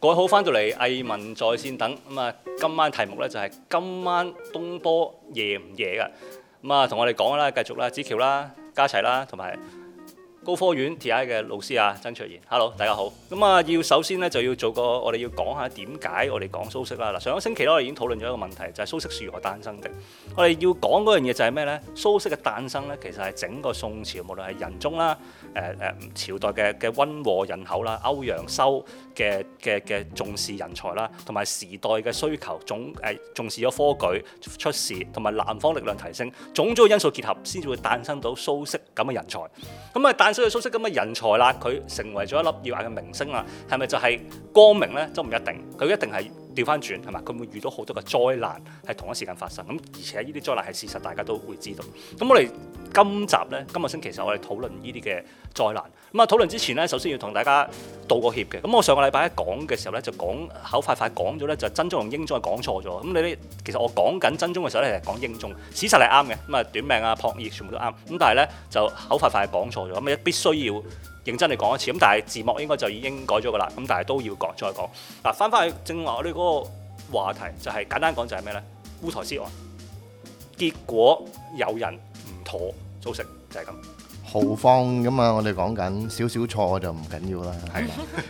改好翻到嚟，藝文在線等咁啊、嗯，今晚題目呢就係、是、今晚東坡夜唔夜噶咁啊，同、嗯、我哋講啦，繼續啦，紫翹啦，家齊啦，同埋。高科院 T.I. 嘅老師啊，曾卓然，Hello，大家好。咁啊，要首先呢，就要做個我哋要講下點解我哋講蘇軾啦。嗱，上個星期我哋已經討論咗一個問題，就係、是、蘇軾是如何誕生的。我哋要講嗰樣嘢就係咩呢？蘇軾嘅誕生呢，其實係整個宋朝，無論係仁宗啦。誒誒朝代嘅嘅溫和人口啦，歐陽修嘅嘅嘅重視人才啦，同埋時代嘅需求總誒、呃、重視咗科舉出仕，同埋南方力量提升，種種因素結合先至會誕生到蘇軾咁嘅人才。咁啊誕生咗蘇軾咁嘅人才啦，佢成為咗一粒耀眼嘅明星啦，係咪就係光明呢？就唔一定，佢一定係。調翻轉係嘛？佢會遇到好多嘅災難，係同一時間發生。咁而且呢啲災難係事實，大家都會知道。咁我哋今集呢，今個星期其實我哋討論呢啲嘅災難。咁啊，討論之前呢，首先要同大家道個歉嘅。咁我上個禮拜一講嘅時候呢，就講口快快講咗呢，就是、真宗同英宗講錯咗。咁你啲其實我講緊真宗嘅時候呢，係講英宗。事實係啱嘅。咁啊，短命啊、撲葉全部都啱。咁但係呢，就口快快係講錯咗。咁啊，必須要。認真地講一次，咁但係字幕應該就已經改咗噶啦，咁但係都要講再講。嗱，翻返去正話，我哋嗰個話題就係、是、簡單講就係咩呢？烏台詩案，結果有人唔妥造成就係、是、咁。豪放咁啊！我哋講緊少少錯就唔緊要啦，係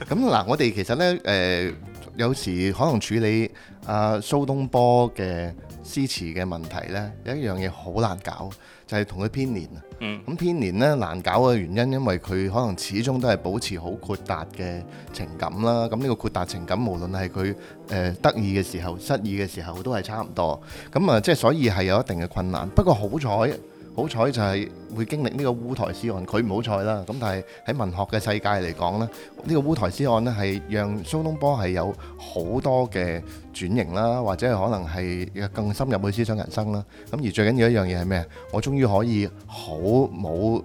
咁嗱，我哋其實呢，誒、呃，有時可能處理阿、呃、蘇東坡嘅。詩詞嘅問題呢，有一樣嘢好難搞，就係同佢偏年啊。咁、嗯、編年呢，難搞嘅原因，因為佢可能始終都係保持好闊達嘅情感啦。咁呢個闊達情感，無論係佢誒得意嘅時候、失意嘅時候，都係差唔多。咁啊，即、呃、係所以係有一定嘅困難。不過好彩。好彩就係會經歷呢個烏台詩案，佢唔好彩啦。咁但係喺文學嘅世界嚟講咧，呢個烏台詩案咧係讓蘇東坡係有好多嘅轉型啦，或者係可能係更深入去思想人生啦。咁而最緊要一樣嘢係咩啊？我終於可以好冇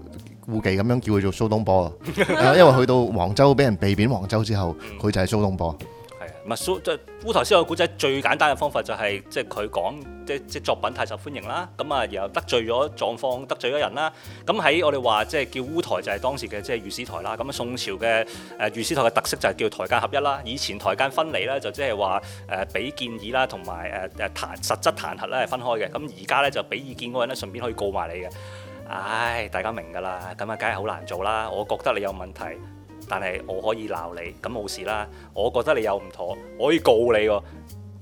顧忌咁樣叫佢做蘇東坡喇，因為去到黃州俾人被貶黃州之後，佢就係蘇東坡。即烏台詩案古仔最簡單嘅方法就係即佢講，即即作品太受歡迎啦，咁啊然後得罪咗狀況得罪咗人啦。咁喺我哋話即叫烏台就係當時嘅即御史台啦。咁啊宋朝嘅誒御史台嘅特色就係叫台間合一啦。以前台間分離啦，就即係話誒俾建議啦，同埋誒誒彈實質彈劾咧係分開嘅。咁而家咧就俾意見嗰個人咧順便可以告埋你嘅。唉，大家明㗎啦，咁啊梗係好難做啦。我覺得你有問題。但係我可以鬧你，咁冇事啦。我覺得你有唔妥，我可以告你喎。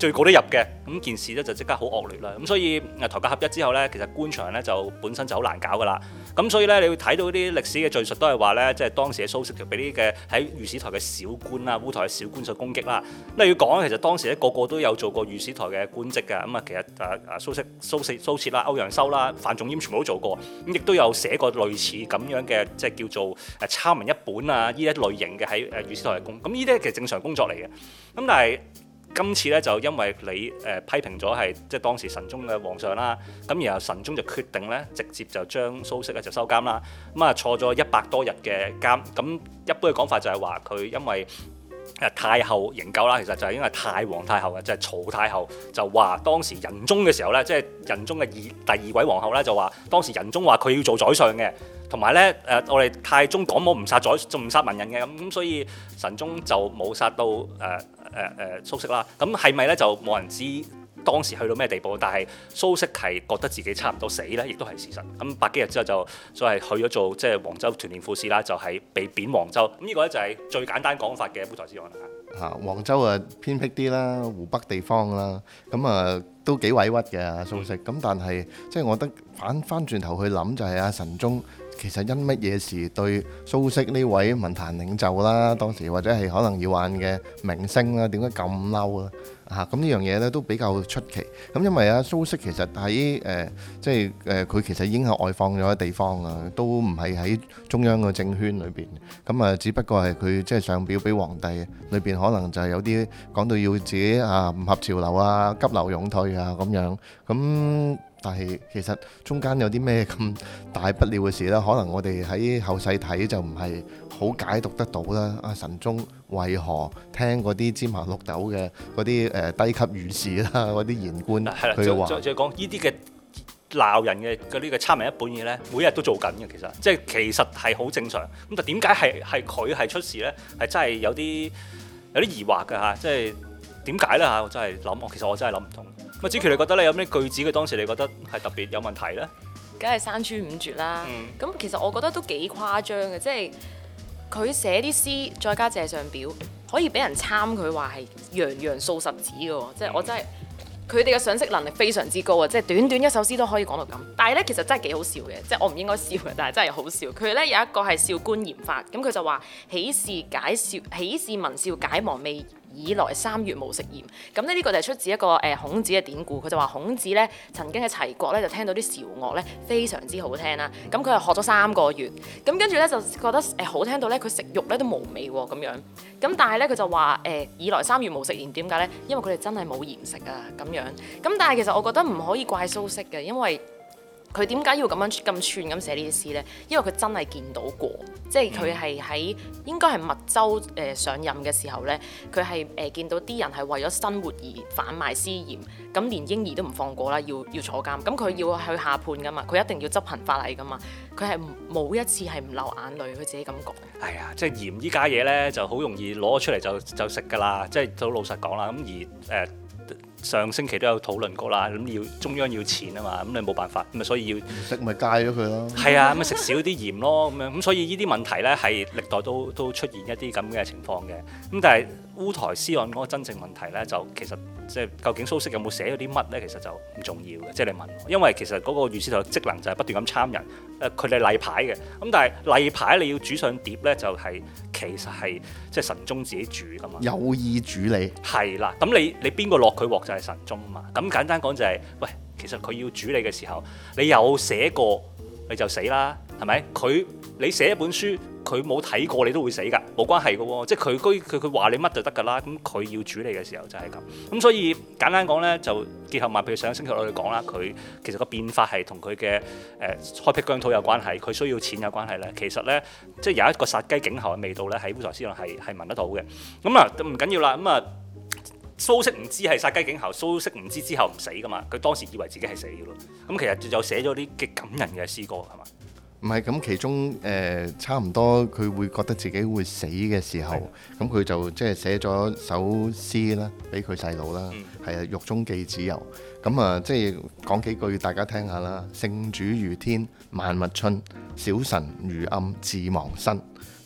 最高都入嘅，咁件事咧就即刻好惡劣啦。咁所以啊，台諫合一之後咧，其實官場咧就本身就好難搞噶啦。咁所以咧，你會睇到啲歷史嘅敘述都係話咧，即係當時嘅蘇軾俾啲嘅喺御史台嘅小官啊、烏台嘅小官所攻擊啦。你要講，其實當時咧個個都有做過御史台嘅官職嘅。咁、嗯、啊，其實啊啊蘇軾、蘇軾、蘇轍啦、歐陽修啦、范仲淹全部都做過。咁亦都有寫過類似咁樣嘅，即係叫做誒抄文一本啊呢一類型嘅喺誒御史台嘅工。咁呢啲其實正常工作嚟嘅。咁但係。但今次咧就因為你誒批評咗係即係當時神宗嘅皇上啦，咁然後神宗就決定咧直接就將蘇軾咧就收監啦，咁啊坐咗一百多日嘅監，咁一般嘅講法就係話佢因為太后營救啦，其實就係因為太皇太后啊，即係曹太后就話當時仁宗嘅時候咧，即係仁宗嘅二第二位皇后咧就話當時仁宗話佢要做宰相嘅。同埋咧，誒、呃、我哋太宗講冇唔殺宰，仲唔殺文人嘅咁、嗯，所以神宗就冇殺到誒誒誒蘇軾啦。咁係咪咧就冇人知當時去到咩地步？但係蘇軾係覺得自己差唔多死咧，亦都係事實。咁、嗯、百幾日之後就所謂、就是、去咗做即係黃州團練副使啦，就係、是、被貶黃州。咁、嗯、呢、這個咧就係最簡單講法嘅烏台之案啦。嚇、啊，黃州啊偏僻啲啦，湖北地方啦，咁啊都幾委屈嘅蘇軾。咁、嗯、但係即係我覺得反翻轉頭去諗就係啊神宗。其實因乜嘢事對蘇軾呢位文壇領袖啦，當時或者係可能要玩嘅明星啦，點解咁嬲啊？嚇，咁呢樣嘢咧都比較出奇。咁因為啊，蘇軾其實喺誒、呃、即係誒，佢、呃、其實已經係外放咗地方啊，都唔係喺中央嘅政圈裏邊。咁、嗯、啊，只不過係佢即係上表俾皇帝，裏邊可能就係有啲講到要自己啊唔合潮流啊，急流勇退啊咁樣咁。嗯但係其實中間有啲咩咁大不了嘅事啦？可能我哋喺後世睇就唔係好解讀得到啦。阿、啊、神宗為何聽嗰啲芝麻綠豆嘅嗰啲誒低級御史啦、嗰啲言官佢嘅話？再再講呢啲嘅鬧人嘅嗰啲嘅差人一本嘢咧，每日都做緊嘅其實，即係其實係好正常。咁但係點解係係佢係出事咧？係真係有啲有啲疑惑㗎吓，即係點解咧吓？我真係諗，其實我真係諗唔通。咪紫翹，你覺得你有咩句子佢當時你覺得係特別有問題呢？梗係山村五絕啦。咁、嗯、其實我覺得都幾誇張嘅，即係佢寫啲詩，再加謝上表，可以俾人參佢話係洋洋數十指嘅喎。即、就、係、是、我真係佢哋嘅賞識能力非常之高啊！即、就、係、是、短短一首詩都可以講到咁。但係呢，其實真係幾好笑嘅，即、就、係、是、我唔應該笑嘅，但係真係好笑。佢呢，有一個係笑官鹽法，咁佢就話：豈是解笑，豈是聞韶解忘味。以來三月無食鹽，咁咧呢個就係出自一個誒、呃、孔子嘅典故。佢就話孔子咧曾經喺齊國咧就聽到啲韶樂咧非常之好聽啦、啊。咁佢係學咗三個月，咁跟住呢，就覺得誒、呃、好聽到呢，佢食肉呢都無味喎、啊、咁樣。咁但係呢，佢就話誒、呃、以來三月無食鹽，點解呢？因為佢哋真係冇鹽食啊咁樣。咁但係其實我覺得唔可以怪蘇軾嘅，因為。佢點解要咁樣咁串咁寫呢啲詩呢？因為佢真係見到過，即係佢係喺應該係密州誒、呃、上任嘅時候呢，佢係誒見到啲人係為咗生活而販賣私鹽，咁連嬰兒都唔放過啦，要要坐監。咁佢要去下判㗎嘛，佢一定要執行法例㗎嘛，佢係冇一次係唔流眼淚，佢自己咁講。哎呀，即係鹽呢家嘢呢就好容易攞出嚟就就食㗎啦，即係就老實講啦。咁而誒。呃上星期都有討論過啦，咁要中央要錢啊嘛，咁你冇辦法，咪所以要食咪戒咗佢咯。係啊，咪食少啲鹽咯，咁樣咁所以呢啲問題咧係歷代都都出現一啲咁嘅情況嘅，咁但係，烏台詩案嗰個真正問題咧，就其實即係究竟蘇軾有冇寫咗啲乜咧？其實就唔重要嘅，即係你問我，因為其實嗰個御史台嘅職能就係不斷咁參人，誒佢哋例牌嘅，咁但係例牌你要煮上碟咧，就係其實係即係神宗自己煮噶嘛，有意煮你係啦，咁你你邊個落佢鑊就係神宗啊嘛，咁簡單講就係，喂，其實佢要煮你嘅時候，你有寫過你就死啦。係咪？佢你寫一本書，佢冇睇過你都會死㗎，冇關係嘅喎、哦。即係佢居佢佢話你乜就得㗎啦。咁佢要處理嘅時候就係咁。咁、嗯、所以簡單講咧，就結合埋譬如上星期我哋講啦，佢其實個變化係同佢嘅誒開闢疆土有關係，佢需要錢有關係咧。其實咧，即係有一個殺雞儆猴嘅味道咧，喺烏臺詩案上係係聞得到嘅。咁啊唔緊要啦，咁啊蘇軾唔知係殺雞儆猴，蘇軾唔知之後唔死㗎嘛。佢當時以為自己係死咗，咁、嗯、其實就寫咗啲極感人嘅詩歌係嘛。唔係咁，其中誒、呃、差唔多佢會覺得自己會死嘅時候，咁佢的就即係寫咗首詩啦，俾佢細佬啦，係啊《獄中寄子由》。咁啊，即係講幾句大家聽下啦。聖主如天萬物春，小臣如暗自亡身。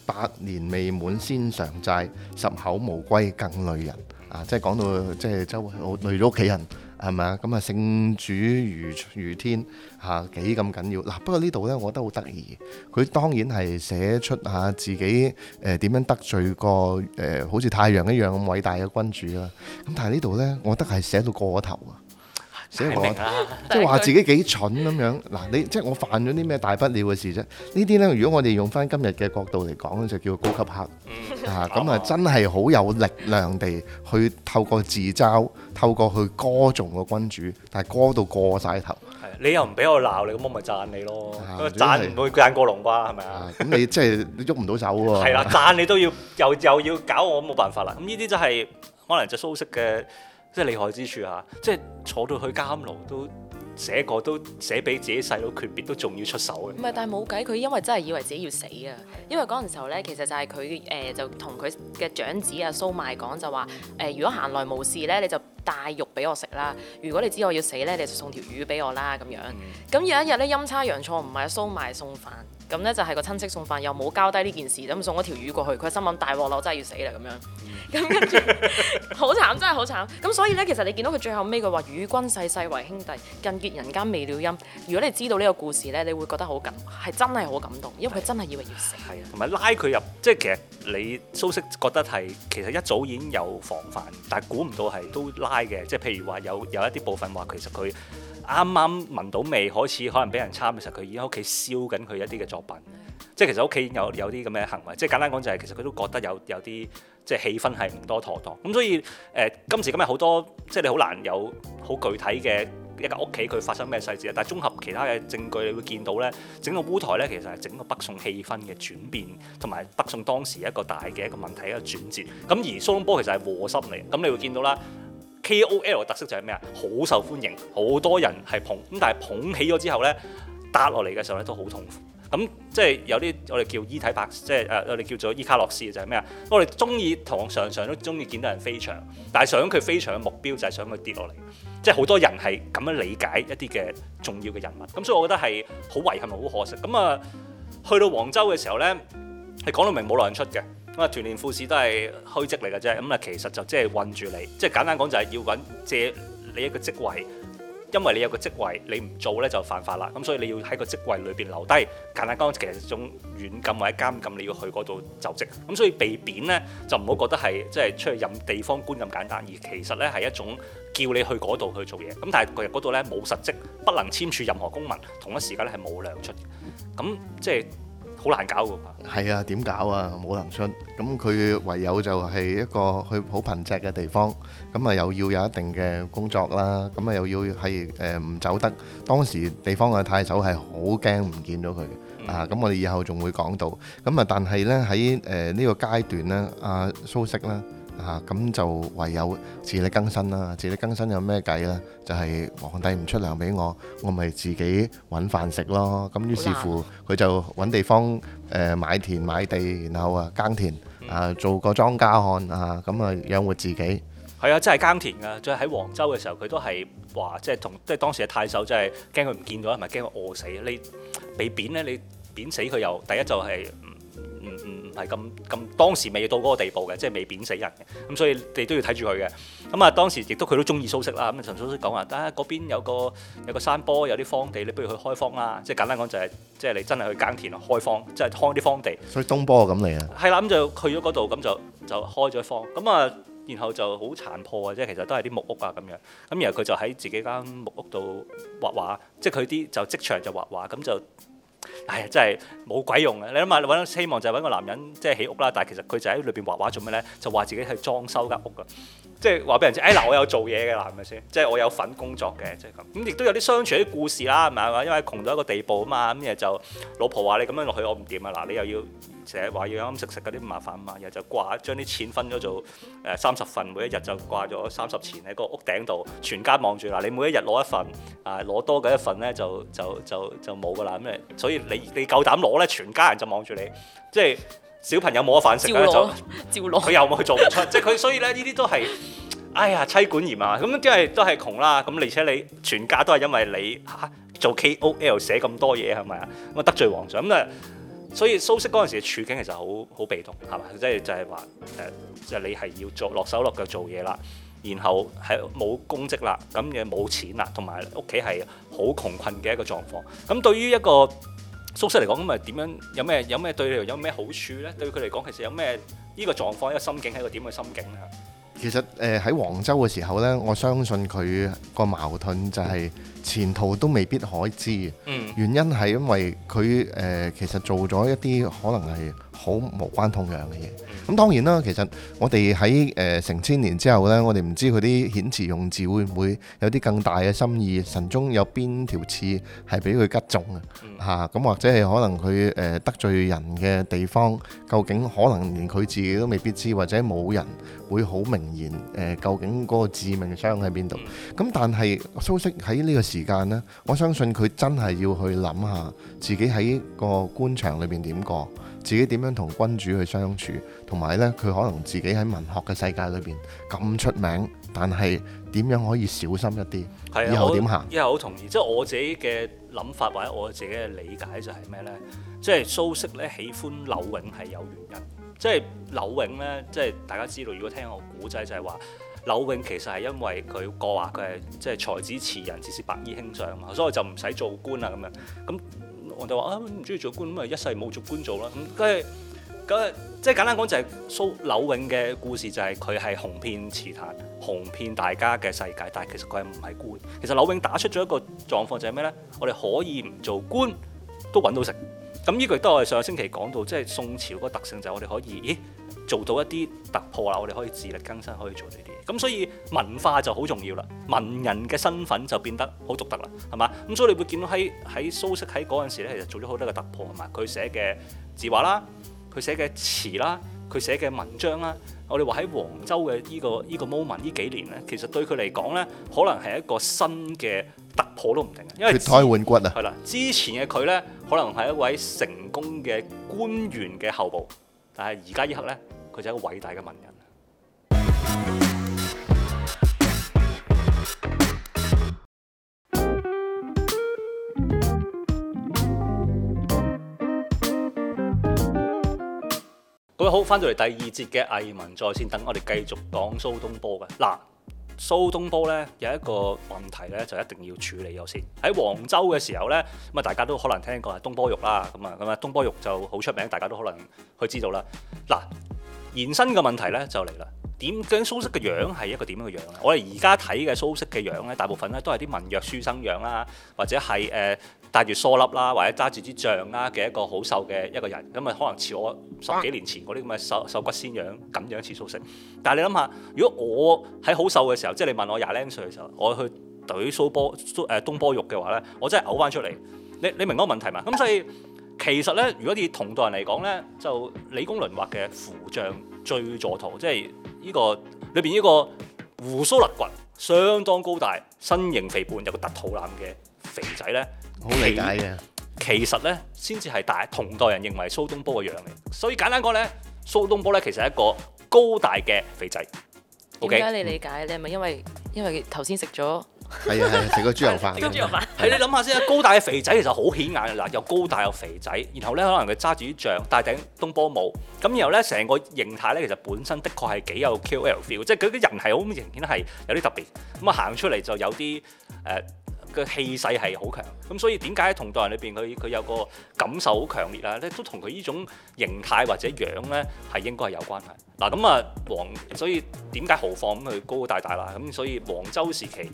百年未滿先償債，十口無歸更累人。啊，即係講到即係我累咗屋企人。係咪啊？咁啊、嗯，聖主如如天嚇幾咁緊要嗱、啊？不過呢度咧，我覺得好得意。佢當然係寫出下自己誒點、呃、樣得罪過誒、呃、好似太陽一樣咁偉大嘅君主啦。咁、啊、但係呢度咧，我覺得係寫到過頭啊。即係話自己幾蠢咁樣嗱，你 即係我犯咗啲咩大不了嘅事啫？呢啲咧，如果我哋用翻今日嘅角度嚟講咧，就叫高級黑 啊！咁啊，真係好有力量地去透過自嘲，透過去歌頌個君主，但係歌到過曬頭 你又唔俾我鬧你，咁我咪贊你咯？贊唔、啊、會贊過龍啩係咪啊？咁你即係喐唔到手喎、啊。係 啦，贊你都要又又要搞我，冇辦法啦。咁呢啲就係可能就蘇軾嘅。即係厲害之處啊！即係坐到去監牢都寫過，都寫俾自己細佬訣別，都仲要出手嘅。唔係，但係冇計，佢因為真係以為自己要死啊！因為嗰陣時候咧，其實就係佢誒就同佢嘅長子啊蘇邁講就話誒、呃，如果閒來無事咧，你就帶肉俾我食啦；如果你知我要死咧，你就送條魚俾我啦咁樣。咁有一日咧，陰差陽錯唔係阿蘇邁送飯。咁呢，就係個親戚送飯，又冇交低呢件事，咁送咗條魚過去，佢心諗大鑊啦，我真係要死啦咁樣，咁跟住好慘，真係好慘。咁所以呢，其實你見到佢最後尾佢話與君世世為兄弟，更結人間未了因。如果你知道呢個故事呢，你會覺得好感，係真係好感動，因為佢真係以為要死。係啊，同埋拉佢入，即係其實你蘇軾覺得係其實一早已經有防範，但係估唔到係都拉嘅，即係譬如話有有一啲部分話其實佢。嗯啱啱聞到味，開始可能俾人參嘅時候，佢已經喺屋企燒緊佢一啲嘅作品，即係其實屋企有有啲咁嘅行為，即係簡單講就係、是、其實佢都覺得有有啲即係氣氛係唔多妥當，咁所以誒、呃、今時今日好多即係你好難有好具體嘅一個屋企佢發生咩細節，但係綜合其他嘅證據，你會見到咧，整個烏台咧其實係整個北宋氣氛嘅轉變，同埋北宋當時一個大嘅一個問題一個轉折，咁而蘇東坡其實係和珅嚟，咁你會見到啦。KOL 特色就係咩啊？好受歡迎，好多人係捧，咁但係捧起咗之後咧，打落嚟嘅時候咧都好痛苦。咁即係有啲我哋叫伊體白，即係誒我哋叫做、呃、伊卡洛斯就係咩啊？我哋中意同常常都中意見到人飛翔，但係想佢飛翔嘅目標就係想佢跌落嚟。即係好多人係咁樣理解一啲嘅重要嘅人物。咁所以我覺得係好遺憾好可惜。咁啊，去到黃州嘅時候咧，係講到明冇糧出嘅。咁啊，團練副使都係虛職嚟嘅啫，咁啊，其實就即係困住你，即係簡單講就係要揾借你一個職位，因為你有個職位，你唔做咧就犯法啦，咁所以你要喺個職位裏邊留低。簡單講，其實一種軟禁或者監禁，你要去嗰度就職。咁所以被貶咧就唔好覺得係即係出去任地方官咁簡單，而其實咧係一種叫你去嗰度去做嘢。咁但係佢嗰度咧冇實職，不能簽署任何公文，同一時間咧係冇糧出。咁即係。好難搞㗎，係啊，點搞啊？冇人信。咁佢唯有就係一個去好貧瘠嘅地方，咁啊又要有一定嘅工作啦，咁啊又要係誒唔走得，當時地方嘅太守係好驚唔見到佢，嗯、啊，咁我哋以後仲會講到，咁啊但係呢，喺誒呢個階段呢，阿、啊、蘇軾呢。嚇咁就唯有自力更生啦！自力更生有咩計咧？就係皇帝唔出糧俾我，我咪自己揾飯食咯。咁於是乎佢就揾地方誒買田買地，然後啊耕田啊做個莊稼漢，咁啊養活自己。係啊，真係耕田啊！就喺黃州嘅時候，佢都係話即係同即係當時嘅太守，真係驚佢唔見咗，係咪驚佢餓死。你被貶咧，你貶死佢又第一就係。唔唔係咁咁，當時未到嗰個地步嘅，即係未貶死人嘅。咁所以你都要睇住佢嘅。咁啊，當時亦都佢都中意蘇軾啦。咁啊，陳蘇軾講話啊，嗰邊有個有個山坡，有啲荒地，你不如去開荒啦。即係簡單講就係、是，即係你真係去耕田開荒，即係開啲荒地。所以東坡咁嚟啊。係啦，咁就去咗嗰度，咁就就開咗荒。咁啊，然後就好殘破嘅啫，即其實都係啲木屋啊咁樣。咁然後佢就喺自己間木屋度畫畫，即係佢啲就即場就畫畫咁就。係呀、哎，真係冇鬼用呀。你諗下，揾希望就揾個男人，即係起屋啦。但係其實佢就喺裏邊畫畫做咩咧？就話自己係裝修間屋㗎，即係話俾人知。哎嗱，我有做嘢嘅啦，係咪先？即係我有份工作嘅，即係咁。咁、嗯、亦都有啲相處啲故事啦，係咪啊？因為窮到一個地步啊嘛，咁、嗯、嘢就老婆話你咁樣落去，我唔掂啊！嗱，你又要。成日話要啱食食嗰啲麻煩嘛，日日就掛將啲錢分咗做誒三十份，每一日就掛咗三十錢喺個屋頂度，全家望住嗱，你每一日攞一份，啊攞多嘅一份咧就就就就冇噶啦，咁，所以你你夠膽攞咧，全家人就望住你，即係小朋友冇得飯食啊，就照攞佢又冇去做唔出，即係佢所以咧呢啲都係哎呀妻管嚴啊，咁即係都係窮啦，咁而且你全家都係因為你、啊、做 K O L 寫咁多嘢係咪啊，咁啊得罪皇上咁啊。所以蘇軾嗰陣時嘅處境其實好好被動，係嘛？即係就係話誒，就，是就是呃就是、你係要做落手落腳做嘢啦，然後係冇公職啦，咁嘅冇錢啦，同埋屋企係好窮困嘅一個狀況。咁對於一個蘇軾嚟講，咁咪點樣有咩有咩對你有咩好處咧？對佢嚟講，其實有咩呢個狀況、一個心境係一個點嘅心境啊？其實喺黃州嘅時候呢，我相信佢個矛盾就係前途都未必可知。原因係因為佢誒其實做咗一啲可能係好無關痛癢嘅嘢咁，當然啦。其實我哋喺誒成千年之後呢，我哋唔知佢啲遣詞用字會唔會有啲更大嘅心意，神中有邊條刺係俾佢擊中啊？嚇咁或者係可能佢誒、呃、得罪人嘅地方，究竟可能連佢自己都未必知，或者冇人會好明言誒、呃？究竟嗰個致命傷喺邊度？咁、嗯、但係蘇軾喺呢個時間呢，我相信佢真係要去諗下自己喺個官場裏邊點過。自己點樣同君主去相處，同埋咧，佢可能自己喺文學嘅世界裏邊咁出名，但係點樣可以小心一啲係啊，以後點行？以後我同意，即係我自己嘅諗法或者我自己嘅理解就係咩咧？即係蘇軾咧喜歡柳永係有原因，即係柳永咧，即係大家知道，如果聽我古仔就係話柳永其實係因為佢過話佢係即係才子詞人，只是白衣卿相啊嘛，所以就唔使做官啊咁樣咁。我就話啊，唔中意做官，咁咪一世冇做官做啦。咁即係咁，即係、就是就是、簡單講就係、是、蘇柳永嘅故事就是是，就係佢係紅遍詞壇、紅遍大家嘅世界，但係其實佢係唔係官。其實柳永打出咗一個狀況就係咩咧？我哋可以唔做官都揾到食。咁呢句都係我哋上個星期講到，即、就、係、是、宋朝個特性就係我哋可以，咦做到一啲突破啦，我哋可以自力更生，可以做呢啲。咁所以文化就好重要啦，文人嘅身份就變得好獨特啦，係嘛。咁，所以你會見到喺喺蘇軾喺嗰陣時咧，其實做咗好多嘅突破，係嘛，佢寫嘅字畫啦，佢寫嘅詞啦，佢寫嘅文章啦，我哋話喺黃州嘅呢個呢個 moment 呢幾年咧，其實對佢嚟講咧，可能係一個新嘅突破都唔定，因為脫胎換骨啊，係啦， 之前嘅佢咧可能係一位成功嘅官員嘅後部，但係而家依刻咧，佢就係一個偉大嘅文人。 各位好，翻到嚟第二節嘅《藝文在線等》，等我哋繼續講蘇東坡嘅。嗱，蘇東坡呢，有一個問題呢，就一定要處理咗先。喺黃州嘅時候呢，咁啊大家都可能聽過係東坡肉啦，咁啊咁啊東坡肉就好出名，大家都可能去知道啦。嗱，延伸嘅問題呢，就嚟啦。點樣蘇軾嘅樣係一個點樣嘅樣呢？我哋而家睇嘅蘇軾嘅樣呢，大部分呢都係啲文弱書生樣啦，或者係誒，呃戴住梳粒啦，或者揸住支杖啦嘅一個好瘦嘅一個人，咁啊可能似我十幾年前嗰啲咁嘅瘦瘦骨仙樣咁樣似蘇軾。但係你諗下，如果我喺好瘦嘅時候，即係你問我廿零歲嘅時候，我去懟蘇波蘇誒東坡肉嘅話咧，我真係嘔翻出嚟。你你明我問題嘛？咁所以其實咧，如果以同代人嚟講咧，就李公麟畫嘅扶杖醉坐圖，即係呢、這個裏邊呢個鬍鬚肋骨、相當高大、身形肥胖、有個凸肚腩嘅肥仔咧。好理解嘅，其實咧先至係大同代人認為蘇東坡嘅樣嚟，所以簡單講咧，蘇東坡咧其實係一個高大嘅肥仔。點解你理解？嗯、你係咪因為因為頭先食咗？係係食個豬油飯。食豬 油飯。係你諗下先啊，高大嘅肥仔其實好顯眼嘅嗱，又高大又肥仔，然後咧可能佢揸住啲醬，戴頂東坡帽。咁然後咧成個形態咧其實本身的確係幾有 K O L feel，即係佢啲人係好明顯係有啲特別。咁啊行出嚟就有啲誒。呃個氣勢係好強，咁所以點解同代人裏邊佢佢有個感受好強烈啊？咧都同佢呢種形態或者樣咧係應該係有關係。嗱咁啊，黃所以點解豪放咁佢高高大大啦？咁所以黃州時期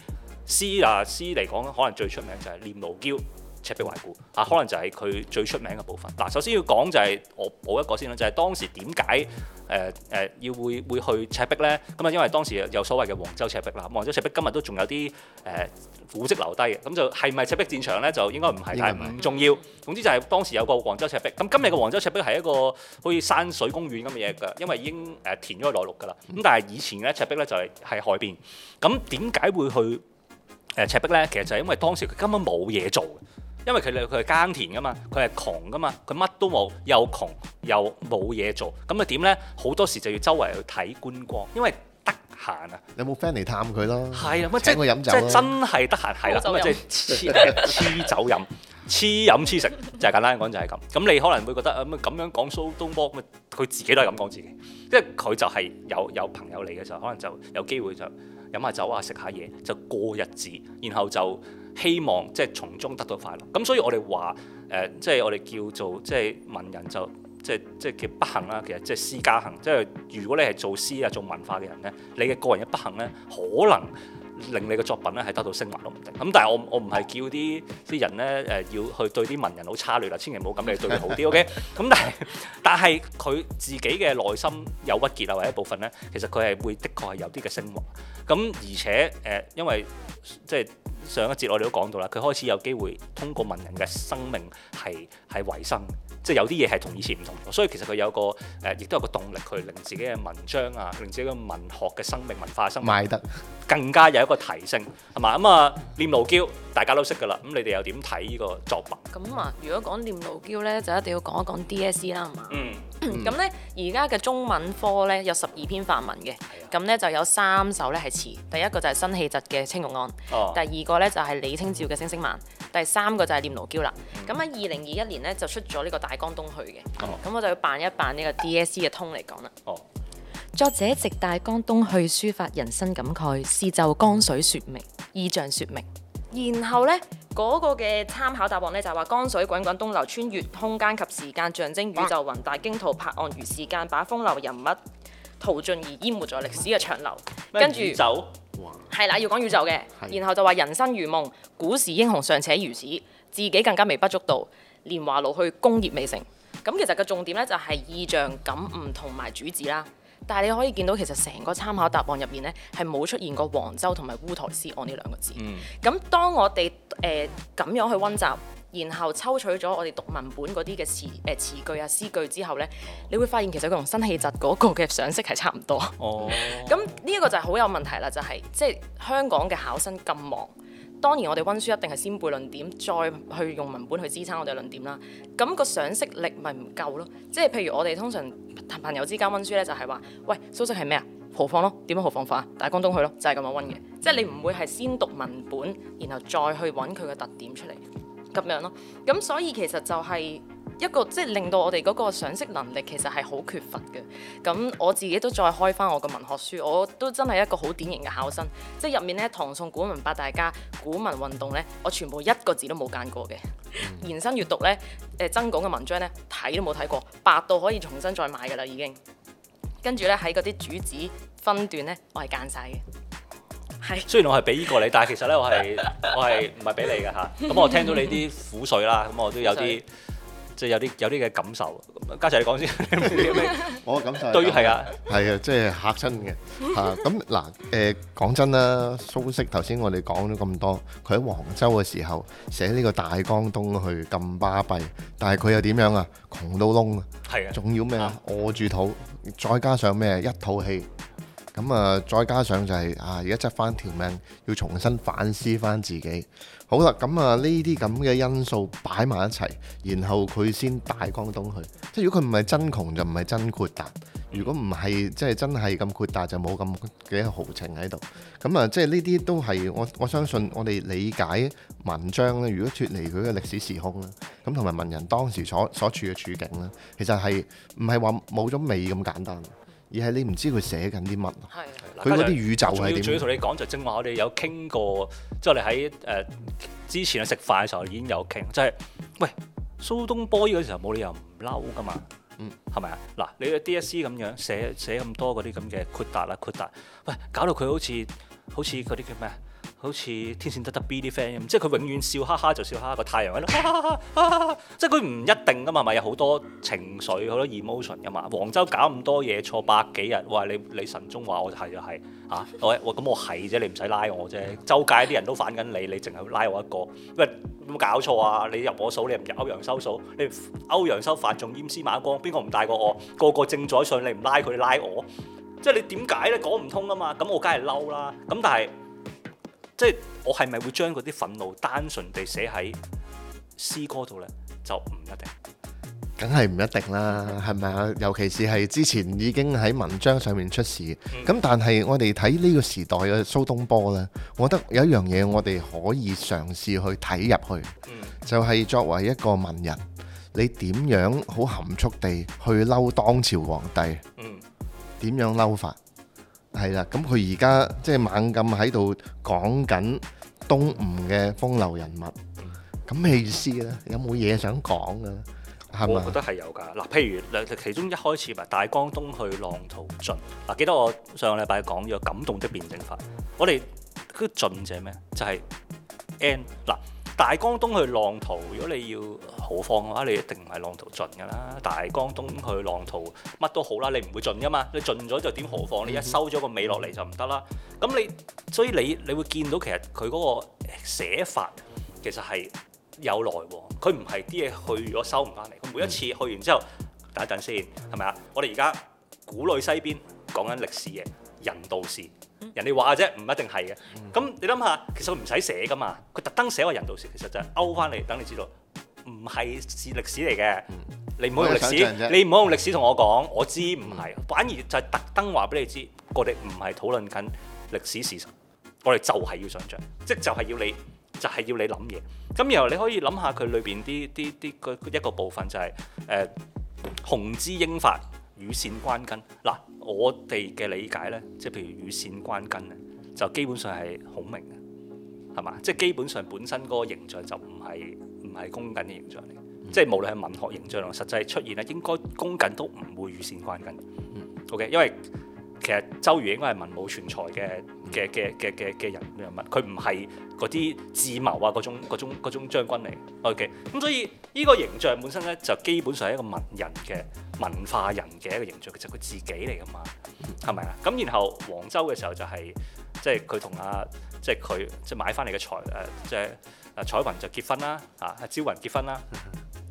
詩啊詩嚟講，可能最出名就係《念奴嬌》。赤壁懷古嚇，可能就係佢最出名嘅部分。嗱，首先要講就係、是、我補一個先啦，就係、是、當時點解誒誒要會會去赤壁咧？咁啊，因為當時有所謂嘅黃州赤壁啦。黃州赤壁今日都仲有啲誒、呃、古跡留低嘅，咁就係咪赤壁戰場咧？就應該唔係，唔重要。總之就係當時有個黃州赤壁。咁今日嘅黃州赤壁係一個好似山水公園咁嘅嘢㗎，因為已經誒填咗內陸㗎啦。咁但係以前嘅赤壁咧就係喺海邊。咁點解會去誒赤壁咧？其實就係因為當時佢根本冇嘢做。因為佢哋佢係耕田噶嘛，佢係窮噶嘛，佢乜都冇，又窮又冇嘢做，咁啊點咧？好多時就要周圍去睇觀光，因為得閒啊！有冇 friend 嚟探佢咯？係啊，乜即係真係得閒係咯？即係黐黐酒飲、黐飲黐食，就係、是、簡單講就係咁。咁 你可能會覺得啊，咁樣講蘇東坡，咁、so、佢自己都係咁講自己，即係佢就係有有朋友嚟嘅時候，可能就有機會就飲下酒啊、食下嘢，就過日子，然後就。希望即係從中得到快樂咁，所以我哋話誒，即、呃、係、即係、我哋叫做即係、即係、文人就即係即係叫不幸啦。其實即係詩家幸，即、就、係、係、如果你係做詩啊做文化嘅人咧，你嘅個人嘅不幸咧，可能令你嘅作品咧係得到昇華都唔定咁。但係我我唔係叫啲啲人咧誒，要去對啲文人好差劣啦，千祈唔好咁，你對佢好啲。OK，咁 但係但係佢自己嘅內心有鬱結啊，或一部分咧，其實佢係會的確係有啲嘅昇華咁，而且誒、呃，因為即係。上一節我哋都講到啦，佢開始有機會通過文人嘅生命係係維生，即係有啲嘢係同以前唔同，所以其實佢有個誒，亦、呃、都有個動力去令自己嘅文章啊，令自己嘅文學嘅生命文化嘅生命得更加有一個提升，係嘛？咁、嗯、啊，念奴嬌大家都識㗎啦，咁、嗯、你哋又點睇呢個作品？咁啊，如果講念奴嬌咧，就一定要講一講 D S C 啦，係嘛？嗯。咁、嗯、呢，而家嘅中文科呢，有十二篇範文嘅，咁呢，就有三首呢係詞。第一個就係辛棄疾嘅《青玉案》，第二個呢，就係、是、李清照嘅《聲聲慢》，第三個就係《念奴嬌》啦、嗯。咁喺二零二一年呢，就出咗呢個《大江東去》嘅、哦，咁我就要扮一扮呢個 D S E 嘅通嚟講啦。作者直大江東去，抒發人生感慨，試就江水説明意象説明。然後呢，嗰、那個嘅參考答案呢，就係、是、話江水滾滾東流，穿越空間及時間，象徵宇宙宏大。驚濤拍岸如時間，把風流人物淘盡而淹沒在歷史嘅長流。麼跟住着，宇宙係啦，要講宇宙嘅。然後就話人生如夢，古時英雄尚且如此，自己更加微不足道。年華老去，功業未成。咁其實個重點呢，就係意象感悟同埋主旨啦。但係你可以見到，其實成個參考答案入面呢，係冇出現過黃州同埋烏台詩案呢兩個字。咁、嗯、當我哋誒咁樣去温習，然後抽取咗我哋讀文本嗰啲嘅詞誒、呃、詞句啊詩句之後呢，你會發現其實佢同新氣質嗰個嘅賞析係差唔多。咁呢一個就係好有問題啦，就係即係香港嘅考生咁忙。當然，我哋温書一定係先背論點，再去用文本去支撐我哋嘅論點啦。咁、那個賞識力咪唔夠咯。即係譬如我哋通常朋友之間温書咧，就係話，喂，蘇軾係咩啊？何況豪放咯？點樣豪放法啊？大江東去咯，就係、是、咁樣温嘅。即係你唔會係先讀文本，然後再去揾佢嘅特點出嚟，咁樣咯。咁所以其實就係、是。一個即係令到我哋嗰個賞識能力其實係好缺乏嘅。咁我自己都再開翻我嘅文學書，我都真係一個好典型嘅考生。即係入面咧，唐宋古文八大家、古文運動咧，我全部一個字都冇間過嘅。延伸閱讀咧，誒曾鞏嘅文章咧，睇都冇睇過，白到可以重新再買嘅啦已經。跟住咧，喺嗰啲主旨分段咧，我係間晒嘅。係。雖然我係俾呢個你， 但係其實咧我係我係唔係俾你嘅嚇。咁、啊、我聽到你啲苦水啦，咁我都有啲。即係有啲有啲嘅感受，家齊你講先。 我嘅感受對係 啊，係啊，即係嚇親嘅嚇。咁嗱誒，講真啦，蘇軾頭先我哋講咗咁多，佢喺黃州嘅時候寫呢個大江東去咁巴閉，但係佢又點樣啊？窮到窿啊，係啊的，仲要咩啊？餓住肚，再加上咩？一套戲。咁啊，再加上就係、是、啊，而家執翻條命，要重新反思翻自己。好啦，咁、嗯、啊，呢啲咁嘅因素擺埋一齊，然後佢先大江東去。即係如果佢唔係真窮，就唔係真豁達；如果唔係，即係真係咁豁達，就冇咁嘅豪情喺度。咁、嗯、啊，即係呢啲都係我我相信，我哋理解文章咧，如果脫離佢嘅歷史時空咧，咁同埋文人當時所所處嘅處境咧，其實係唔係話冇咗味咁簡單。而係你唔知佢寫緊啲乜，佢嗰啲宇宙係點在？主要同你講就正話，我哋有傾過。即係你喺誒之前啊食飯嘅時候已經有傾，即係喂蘇東坡呢個時候冇理由唔嬲噶嘛，嗯係咪啊？嗱，你嘅 DSE 咁樣寫寫咁多嗰啲咁嘅豁達啦豁達，喂搞到佢好似好似嗰啲叫咩？好似天線得得 B 啲 friend 咁，即係佢永遠笑哈哈就笑哈哈個太陽哈、啊啊啊啊啊啊啊，即係佢唔一定噶嘛，咪有好多情緒好多 emotion 噶嘛。黃州搞咁多嘢錯百幾日，哇！你你神宗話我係就係、是、嚇，啊、喂喂喂喂我咁我係啫，你唔使拉我啫。周街啲人都反緊你，你淨係拉我一個，喂有冇搞錯啊？你入我數，你唔入，入歐陽修數，你歐陽修范仲淹、司馬光，邊個唔大過我？個個正宰相，你唔拉佢拉我，即係你點解咧講唔通啊嘛？咁我梗係嬲啦，咁但係。即係我係咪會將嗰啲憤怒單純地寫喺詩歌度呢？就唔一定，梗係唔一定啦，係咪啊？尤其是係之前已經喺文章上面出事，咁、嗯、但係我哋睇呢個時代嘅蘇東坡呢，我覺得有一樣嘢我哋可以嘗試去睇入去，嗯、就係作為一個文人，你點樣好含蓄地去嬲當朝皇帝？點、嗯、樣嬲法？係啦，咁佢而家即係猛咁喺度講緊東吳嘅風流人物，咁咩意思咧？有冇嘢想講噶？我覺得係有㗎。嗱，譬如兩其中一開始咪大江東去浪淘盡，嗱，記得我上個禮拜講咗感動的辯證法，我哋嗰個盡字係咩？就係、是、n 嗱。大江東去浪淘，如果你要豪放嘅話，你一定唔係浪淘盡嘅啦。大江東去浪淘乜都好啦，你唔會盡噶嘛。你盡咗就點豪放？你一收咗個尾落嚟就唔得啦。咁你所以你你會見到其實佢嗰個寫法其實係有來往，佢唔係啲嘢去咗收唔翻嚟。佢每一次去完之後，等一陣先，係咪啊？我哋而家故壘西邊講緊歷史嘅人道是。人哋話啫，唔一定係嘅。咁、嗯、你諗下，其實佢唔使寫噶嘛，佢特登寫個人道是，其實就係勾翻你，等你知道唔係是歷史嚟嘅。嗯、你唔好用，用歷史，你唔好用，用歷史同我講，我知唔係。嗯、反而就係特登話俾你知，我哋唔係討論緊歷史事實，我哋就係要想像，即就係、是、要你，就係、是、要你諗嘢。咁然後你可以諗下佢裏邊啲啲啲一個部分就係誒雄姿英發，羽扇綸巾。嗱。我哋嘅理解咧，即係譬如羽扇綸巾咧，就基本上係孔明啊，係嘛？即係基本上本身嗰個形象就唔係唔係公瑾嘅形象嚟，即係無論係文學形象咯，實際出現咧應該公瑾都唔會羽扇綸巾。嗯、OK，因為其實周瑜應該係文武全才嘅嘅嘅嘅嘅人物，佢唔係嗰啲智謀啊嗰種嗰種嗰種將軍嚟。OK，咁所以呢個形象本身咧就基本上係一個文人嘅。。文化人嘅一個形象，其實佢自己嚟噶嘛，係咪啊？咁然後黃州嘅時候就係即係佢同阿即係佢即係買翻嚟嘅彩誒即係阿彩雲就結婚啦，阿、啊、朝雲、啊、雲結婚啦。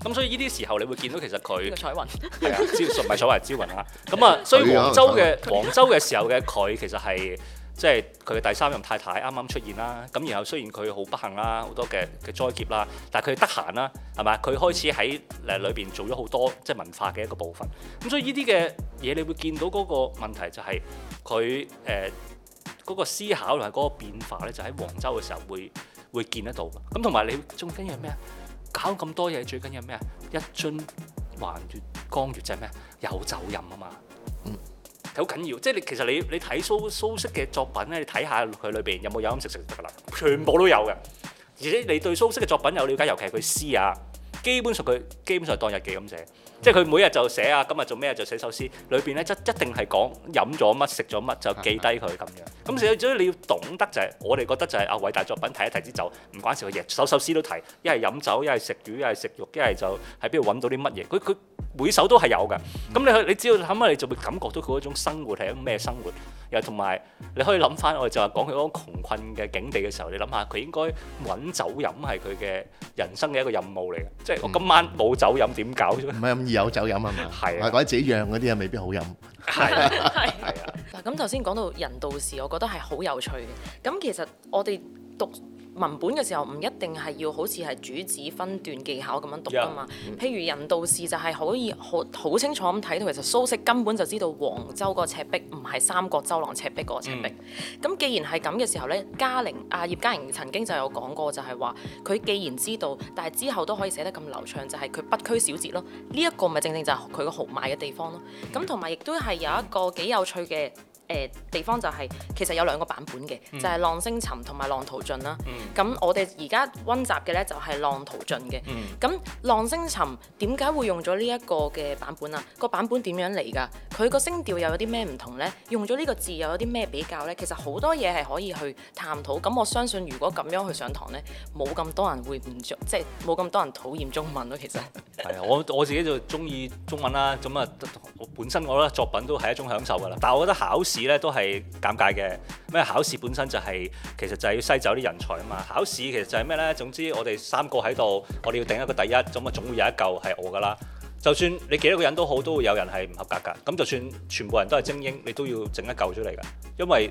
咁所以呢啲時候你會見到其實佢彩昭雲係 啊招唔係所謂係朝雲啦。咁啊，所以黃州嘅黃雲州嘅時候嘅佢其實係。即係佢嘅第三任太太啱啱出現啦，咁然後雖然佢好不幸啦，好多嘅嘅災劫啦，但係佢得閒啦，係咪？佢開始喺誒裏邊做咗好多即係文化嘅一個部分。咁、嗯、所以呢啲嘅嘢，你會見到嗰個問題就係佢誒嗰個思考同埋嗰個變化咧，就喺黃州嘅時候會會見得到。咁同埋你仲緊要咩啊？搞咁多嘢最緊要咩啊？一樽還酹江月即係咩？有酒飲啊嘛。嗯。好緊要，即係你其實你你睇蘇蘇軾嘅作品咧，你睇下佢裏邊有冇有咁食食㗎啦，全部都有嘅。而且你對蘇軾嘅作品有了解，尤其係佢詩啊，基本上佢基本上當日記咁寫，即係佢每日就寫啊，今日做咩就寫首詩，裏邊咧一一定係講飲咗乜食咗乜就記低佢咁樣。咁所以你要懂得就係我哋覺得就係啊偉大作品提一提支酒，唔關事。佢亦首首詩都提，一係飲酒，一係食魚，一係食肉，一係就喺邊度揾到啲乜嘢。佢佢。每首都係有嘅，咁你去，你只要諗下，你就會感覺到佢嗰種生活係一種咩生活，又同埋你可以諗翻，我哋就話講佢嗰種窮困嘅境地嘅時候，你諗下佢應該揾酒飲係佢嘅人生嘅一個任務嚟嘅，即係我今晚冇酒飲點搞啫？唔係咁易有酒飲啊嘛，係啊，或者自己釀嗰啲啊，未必好飲。係啊，係啊。嗱，咁頭先講到人道事，我覺得係好有趣嘅。咁其實我哋讀。文本嘅時候唔一定係要好似係主旨、分段、技巧咁樣讀噶嘛，譬如人道是就係可以好好清楚咁睇到，其實蘇軾根本就知道黃州個赤壁唔係三國周郎赤壁個赤壁。咁、嗯、既然係咁嘅時候呢，嘉瑩啊，葉嘉瑩曾經就有講過就係話，佢既然知道，但係之後都可以寫得咁流暢，就係、是、佢不拘小節咯。呢、這、一個咪正正就係佢個豪邁嘅地方咯。咁同埋亦都係有一個幾有趣嘅。誒地方就係、是、其實有兩個版本嘅，嗯、就係浪聲沉同埋浪淘盡啦。咁、嗯、我哋而家溫習嘅咧就係浪淘盡嘅。咁、嗯、浪聲沉點解會用咗呢一個嘅版本啊？個版本點樣嚟㗎？佢個聲調又有啲咩唔同咧？用咗呢個字又有啲咩比較咧？其實好多嘢係可以去探討。咁我相信如果咁樣去上堂咧，冇咁多人會唔中，即係冇咁多人討厭中文咯。其實係啊， 我我自己就中意中文啦。咁啊，我本身我覺得作品都係一種享受㗎啦。但係我覺得考試咧都係尷尬嘅，咩考試本身就係、是、其實就係要篩走啲人才啊嘛！考試其實就係咩呢？總之我哋三個喺度，我哋要定一個第一，咁啊總會有一嚿係我㗎啦。就算你幾多個人都好，都會有人係唔合格㗎。咁就算全部人都係精英，你都要整一嚿出嚟㗎，因為。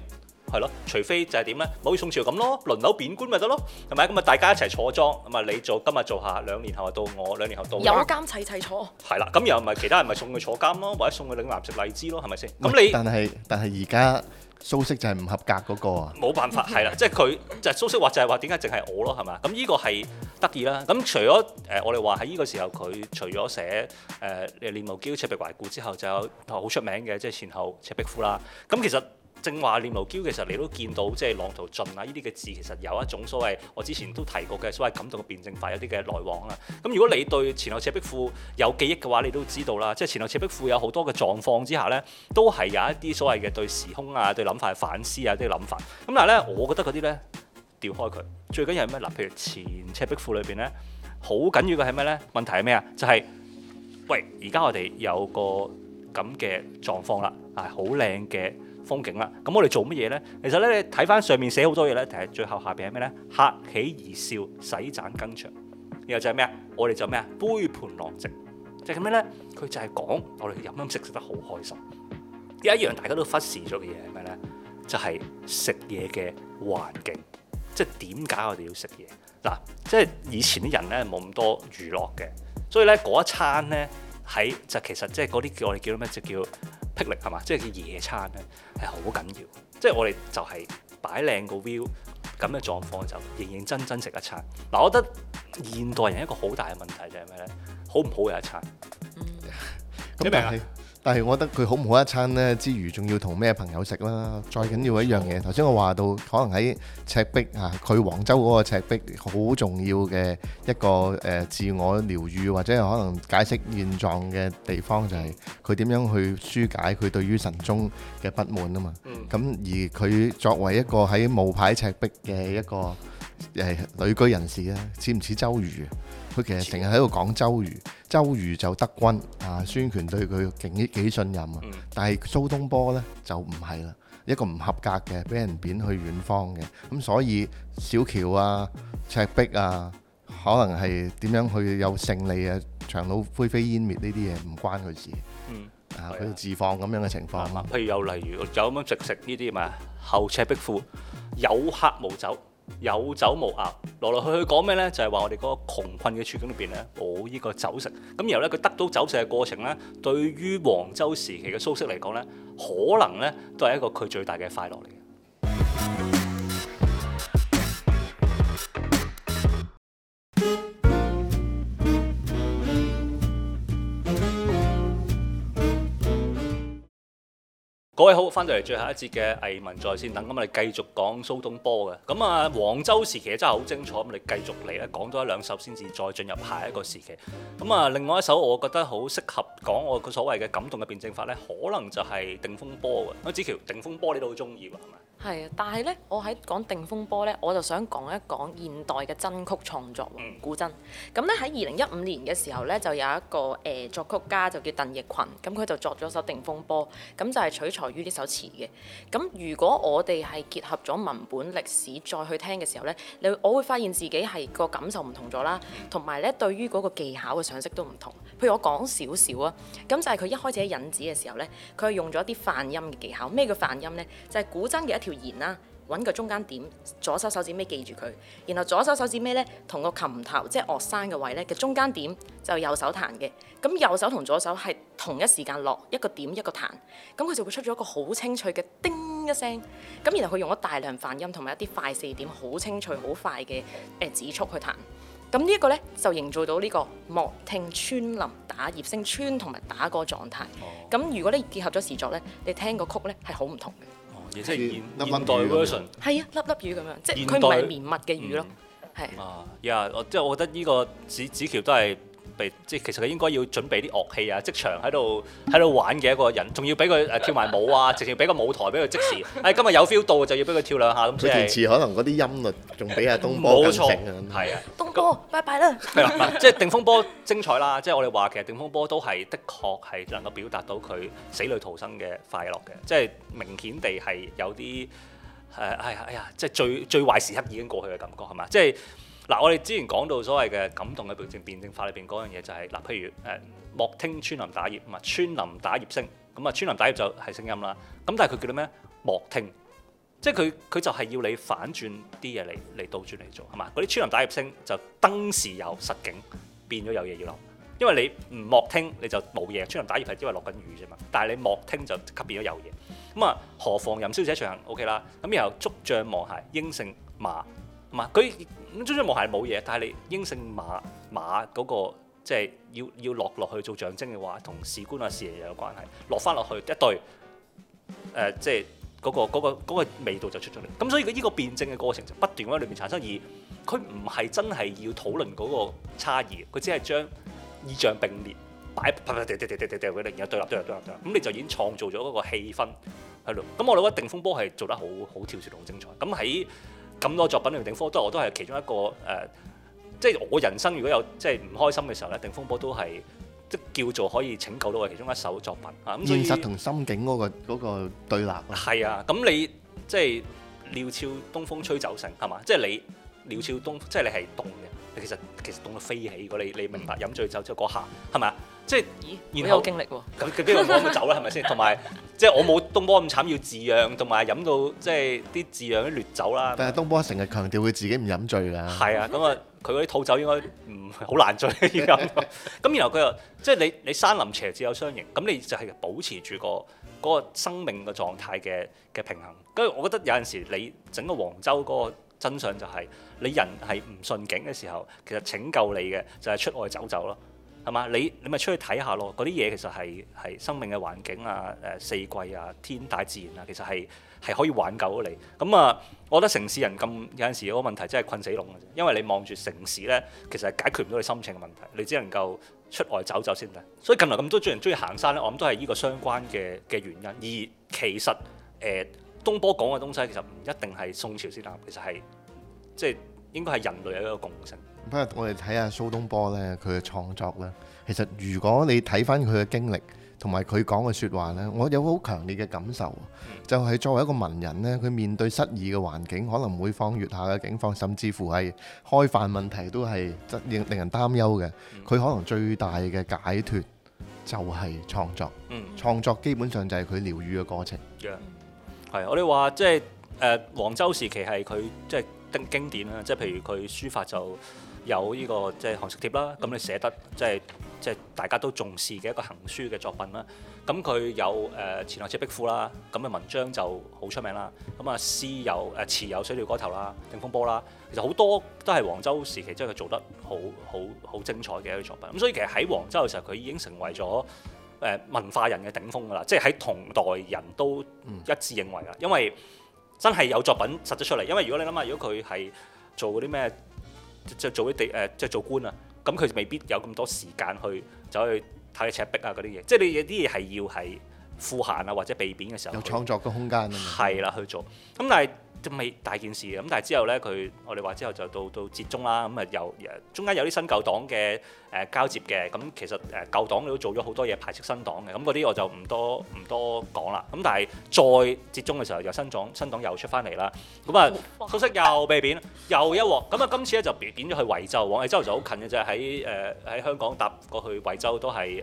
係咯，除非就係點咧，冇宋朝咁咯，輪流貶官咪得咯，係咪？咁咪大家一齊坐莊，咁咪你做今日做下，兩年後到我，兩年後到我。有監齊齊齊坐。係啦，咁又唔係其他人，咪送佢坐監咯，或者送佢嶺南食荔枝咯，係咪先？咁喂你但係但係而家蘇軾就係唔合格嗰個啊。冇辦法係啦，即係佢就蘇軾話就係話點解淨係我咯，係咪？咁呢個係得意啦。咁除咗誒、呃，我哋話喺呢個時候佢除咗寫誒、呃《念奴嬌赤壁懷古》之後，就有好出名嘅即係前後《赤壁賦》啦。咁其實。正話念奴嬌，其實你都見到即係浪淘盡啊！呢啲嘅字其實有一種所謂，我之前都提過嘅所謂感動嘅辯證法有啲嘅來往啦、啊。咁如果你對前後赤壁賦有記憶嘅話，你都知道啦，即係前後赤壁賦有好多嘅狀況之下呢，都係有一啲所謂嘅對時空啊、對諗法嘅反思啊啲諗法。咁但係呢，我覺得嗰啲呢調開佢，最緊要係咩？嗱，譬如前赤壁賦裏邊呢，好緊要嘅係咩呢？問題係咩啊？就係、是，喂，而家我哋有個咁嘅狀況啦，啊，好靚嘅。風景啦，咁我哋做乜嘢咧？其實咧，你睇翻上面寫好多嘢咧，睇最後下邊係咩咧？客喜而笑，洗盞更長。然後就係咩啊？我哋就咩啊？杯盤狼藉，就咁樣咧。佢就係講我哋飲飲食食得好開心。有一,一樣大家都忽視咗嘅嘢係咩咧？就係食嘢嘅環境，即係點解我哋要食嘢嗱？即係、就是、以前啲人咧冇咁多娛樂嘅，所以咧嗰一餐咧喺就其實即係嗰啲叫我哋叫咩就叫。魄力係嘛？即係叫夜餐咧，係好緊要。即係我哋就係擺靚個 view，咁嘅狀況就認認真真食一餐。嗱、啊，我覺得現代人一個好大嘅問題就係咩咧？好唔好嘅一餐？咩啊、嗯？ 但係我覺得佢好唔好一餐呢？之餘仲要同咩朋友食啦？最緊要一樣嘢，頭先我話到，可能喺赤壁啊，佢黃州嗰個赤壁好重要嘅一個誒、呃、自我療癒或者可能解釋現狀嘅地方，就係佢點樣去疏解佢對於神宗嘅不滿啊嘛。咁、嗯、而佢作為一個喺冒牌赤壁嘅一個誒旅、呃、居人士咧，似唔似周瑜？佢其實成日喺度講周瑜，周瑜就得軍啊，孫權對佢幾幾信任啊。嗯、但係蘇東坡呢，就唔係啦，一個唔合格嘅，俾人貶去遠方嘅。咁、啊、所以小喬啊、赤壁啊，可能係點樣去有勝利啊、檣櫓灰飛煙滅呢啲嘢唔關佢事。嗯，啊佢自放咁樣嘅情況啦、啊嗯啊。譬如又例如就咁樣直食呢啲嘛，後赤壁賦有客無酒。有酒無鴨，來來去去講咩呢？就係話我哋嗰個窮困嘅處境裏邊呢。冇呢個酒食。咁然後呢，佢得到酒食嘅過程呢，對於黃州時期嘅蘇軾嚟講呢，可能呢都係一個佢最大嘅快樂嚟嘅。各位好，翻到嚟最後一節嘅《藝文在線》，等咁我哋繼續講蘇東坡嘅。咁啊，黃州時期真係好精彩，我哋繼續嚟咧講多一兩首先至，再進入下一個時期。咁啊，另外一首我覺得好適合講我個所謂嘅感動嘅辯證法咧，可能就係《定風波》嘅。阿子喬，《定風波》你都好中意㗎，咪？係啊，但係咧，我喺講《定風波》咧，我就想講一講現代嘅真曲創作，古箏。咁咧喺二零一五年嘅時候咧，就有一個誒、呃、作曲家就叫鄧奕群。咁佢就作咗首《定風波》，咁就係取材於呢首詞嘅。咁如果我哋係結合咗文本歷史再去聽嘅時候咧，你我會發現自己係個感受唔同咗啦，同埋咧對於嗰個技巧嘅賞識都唔同。譬如我講少少啊，咁就係佢一開始喺引子嘅時候咧，佢係用咗啲泛音嘅技巧。咩叫泛音咧？就係、是、古箏嘅一條，條弦啦，搵個中間點，左手手指尾記住佢，然後左手手指尾咧同個琴頭，即係樂山嘅位咧嘅中間點，就右手彈嘅。咁右手同左手係同一時間落一個點一個彈，咁佢就會出咗一個好清脆嘅叮一聲。咁然後佢用咗大量泛音同埋一啲快四點，好清脆好快嘅誒指速去彈。咁呢一個咧就營造到呢個莫聽穿林打葉聲，穿同埋打個狀態。咁如果你結合咗詩作咧，你聽個曲咧係好唔同嘅。亦即係現代 version，係啊，粒粒魚咁這樣，對樣，即係佢唔係綿密嘅魚咯，係啊即係我覺得呢個紫紫橋都係。即係其實佢應該要準備啲樂器啊，即場喺度喺度玩嘅一個人，仲要俾佢誒跳埋舞啊，直接俾個舞台俾佢即時。誒、哎、今日有 feel 到就要俾佢跳兩下咁。嗰件事可能嗰啲音律仲比阿東哥更正啊。係東哥波那拜拜啦。即係、啊就是、定風波精彩啦。即、就、係、是、我哋話其實定風波都係的確係能夠表達到佢死裡逃生嘅快樂嘅，即、就、係、是、明顯地係有啲誒，哎呀哎呀，即、哎、係、就是、最最壞時刻已經過去嘅感覺係嘛？即係。就是嗱，我哋之前講到所謂嘅感動嘅辯證辯證法裏邊嗰樣嘢就係、是，嗱，譬如誒莫聽穿林打葉，唔係穿林打葉聲，咁啊穿林打葉就係聲音啦。咁但係佢叫做咩？莫聽，即係佢佢就係要你反轉啲嘢嚟嚟倒轉嚟做，係嘛？嗰啲穿林打葉聲就登時有實景變咗有嘢要諗，因為你唔莫聽你就冇嘢，穿林打葉係因為落緊雨啫嘛。但係你莫聽就即刻變咗有嘢。咁啊何妨吟宵嘯且徐行，OK 啦。咁然後竹杖芒鞋，應勝馬。唔係佢，咁追追磨鞋冇嘢。但係你應姓馬馬嗰、那個，即、就、係、是、要要落落去做象徵嘅話，同士官啊、事爺又有關係。落翻落去一對，誒、呃，即係嗰個嗰、那個那個、味道就出咗嚟。咁所以佢呢個辯證嘅過程就不斷喺裏面產生。而佢唔係真係要討論嗰個差異，佢只係將意象並列擺，啪啪掉掉掉掉掉掉，然後對立對立對立。咁你就已經創造咗嗰個氣氛喺度。咁我哋覺得定風波係做得好好跳脱、好精彩。咁喺咁多作品裏面，《定風波》都我都係其中一個。誒、呃，即係我人生如果有即係唔開心嘅時候咧，《定風波》都係，即叫做可以拯救到我其中一首作品啊！咁所以現實同心境嗰、嗰個對、嗰個對立。係啊，咁你即係料峭東風吹酒醒，係嘛？即係你料峭東風，即係你係凍嘅。其實其實凍到飛起，你你明白飲醉酒之後嗰下係咪啊？即係咦，原來有經歷喎、啊。咁佢邊個幫佢走啦？係咪先？同埋即係我冇東坡咁慘，要自釀，同埋飲到即係啲自釀啲劣酒啦。但係東坡成日強調佢自己唔飲醉㗎。係啊，咁啊，佢嗰啲土酒應該唔好難醉啲咁。咁 然後佢又即係你你山林邪志有相形，咁你就係保持住、嗰個嗰、嗰個生命嘅狀態嘅嘅平衡。跟住我覺得有陣時你整個黃州嗰個。真相就係、是、你人係唔順境嘅時候，其實拯救你嘅就係出外走走咯，係嘛？你你咪出去睇下咯，嗰啲嘢其實係係生命嘅環境啊、誒、呃、四季啊、天大自然啊，其實係係可以挽救到你。咁、嗯、啊，我覺得城市人咁有陣時個問題真係困死籠嘅，因為你望住城市呢，其實係解決唔到你心情嘅問題，你只能夠出外走走先得。所以近來咁多主人中意行山呢，我諗都係呢個相關嘅嘅原因。而其實誒。呃東坡講嘅東西其實唔一定係宋朝先談，其實係即係應該係人類有一個共性。不過我哋睇下蘇東坡呢，佢嘅創作呢，其實如果你睇翻佢嘅經歷同埋佢講嘅説話呢，我有好強烈嘅感受，就係作為一個文人呢，佢面對失意嘅環境，可能每況愈下嘅境況，甚至乎係開飯問題都係令令人擔憂嘅。佢可能最大嘅解脫就係創作，創作基本上就係佢療愈嘅過程。我哋話即係誒黃州時期係佢即係經典啦，即係譬如佢書法就有呢個即係《寒食帖》啦，咁你寫得即係即係大家都重視嘅一個行書嘅作品啦。咁佢有誒《前赤壁賦》啦，咁嘅文章就好出名啦。咁啊詩有誒詞有《水調歌頭》啦，《定風波》啦，其實好多都係黃州時期，即係佢做得好好好精彩嘅一個作品。咁所以其實喺黃州嘅時候，佢已經成為咗，誒文化人嘅頂峰㗎啦，即係喺同代人都一致認為㗎，嗯、因為真係有作品實質出嚟。因為如果你諗下，如果佢係做嗰啲咩，即係做啲地誒，即、呃、係做官啊，咁佢未必有咁多時間去走去睇赤壁啊嗰啲嘢。即係你有啲嘢係要係賦閒啊或者被貶嘅時候，有創作嘅空間啊去。係啦，去做。咁但係。就未大件事咁，但係之後咧，佢我哋話之後就到到哲宗啦。咁啊，又中間有啲新舊黨嘅誒交接嘅咁，其實誒舊黨都做咗好多嘢排斥新黨嘅咁，嗰啲我就唔多唔多講啦。咁但係再哲宗嘅時候，又新黨新黨又出翻嚟啦。咁啊，可惜又被貶又一鑊咁啊。今次咧就貶咗去惠州喎。惠州就好近嘅啫，喺誒喺香港搭過去惠州都係誒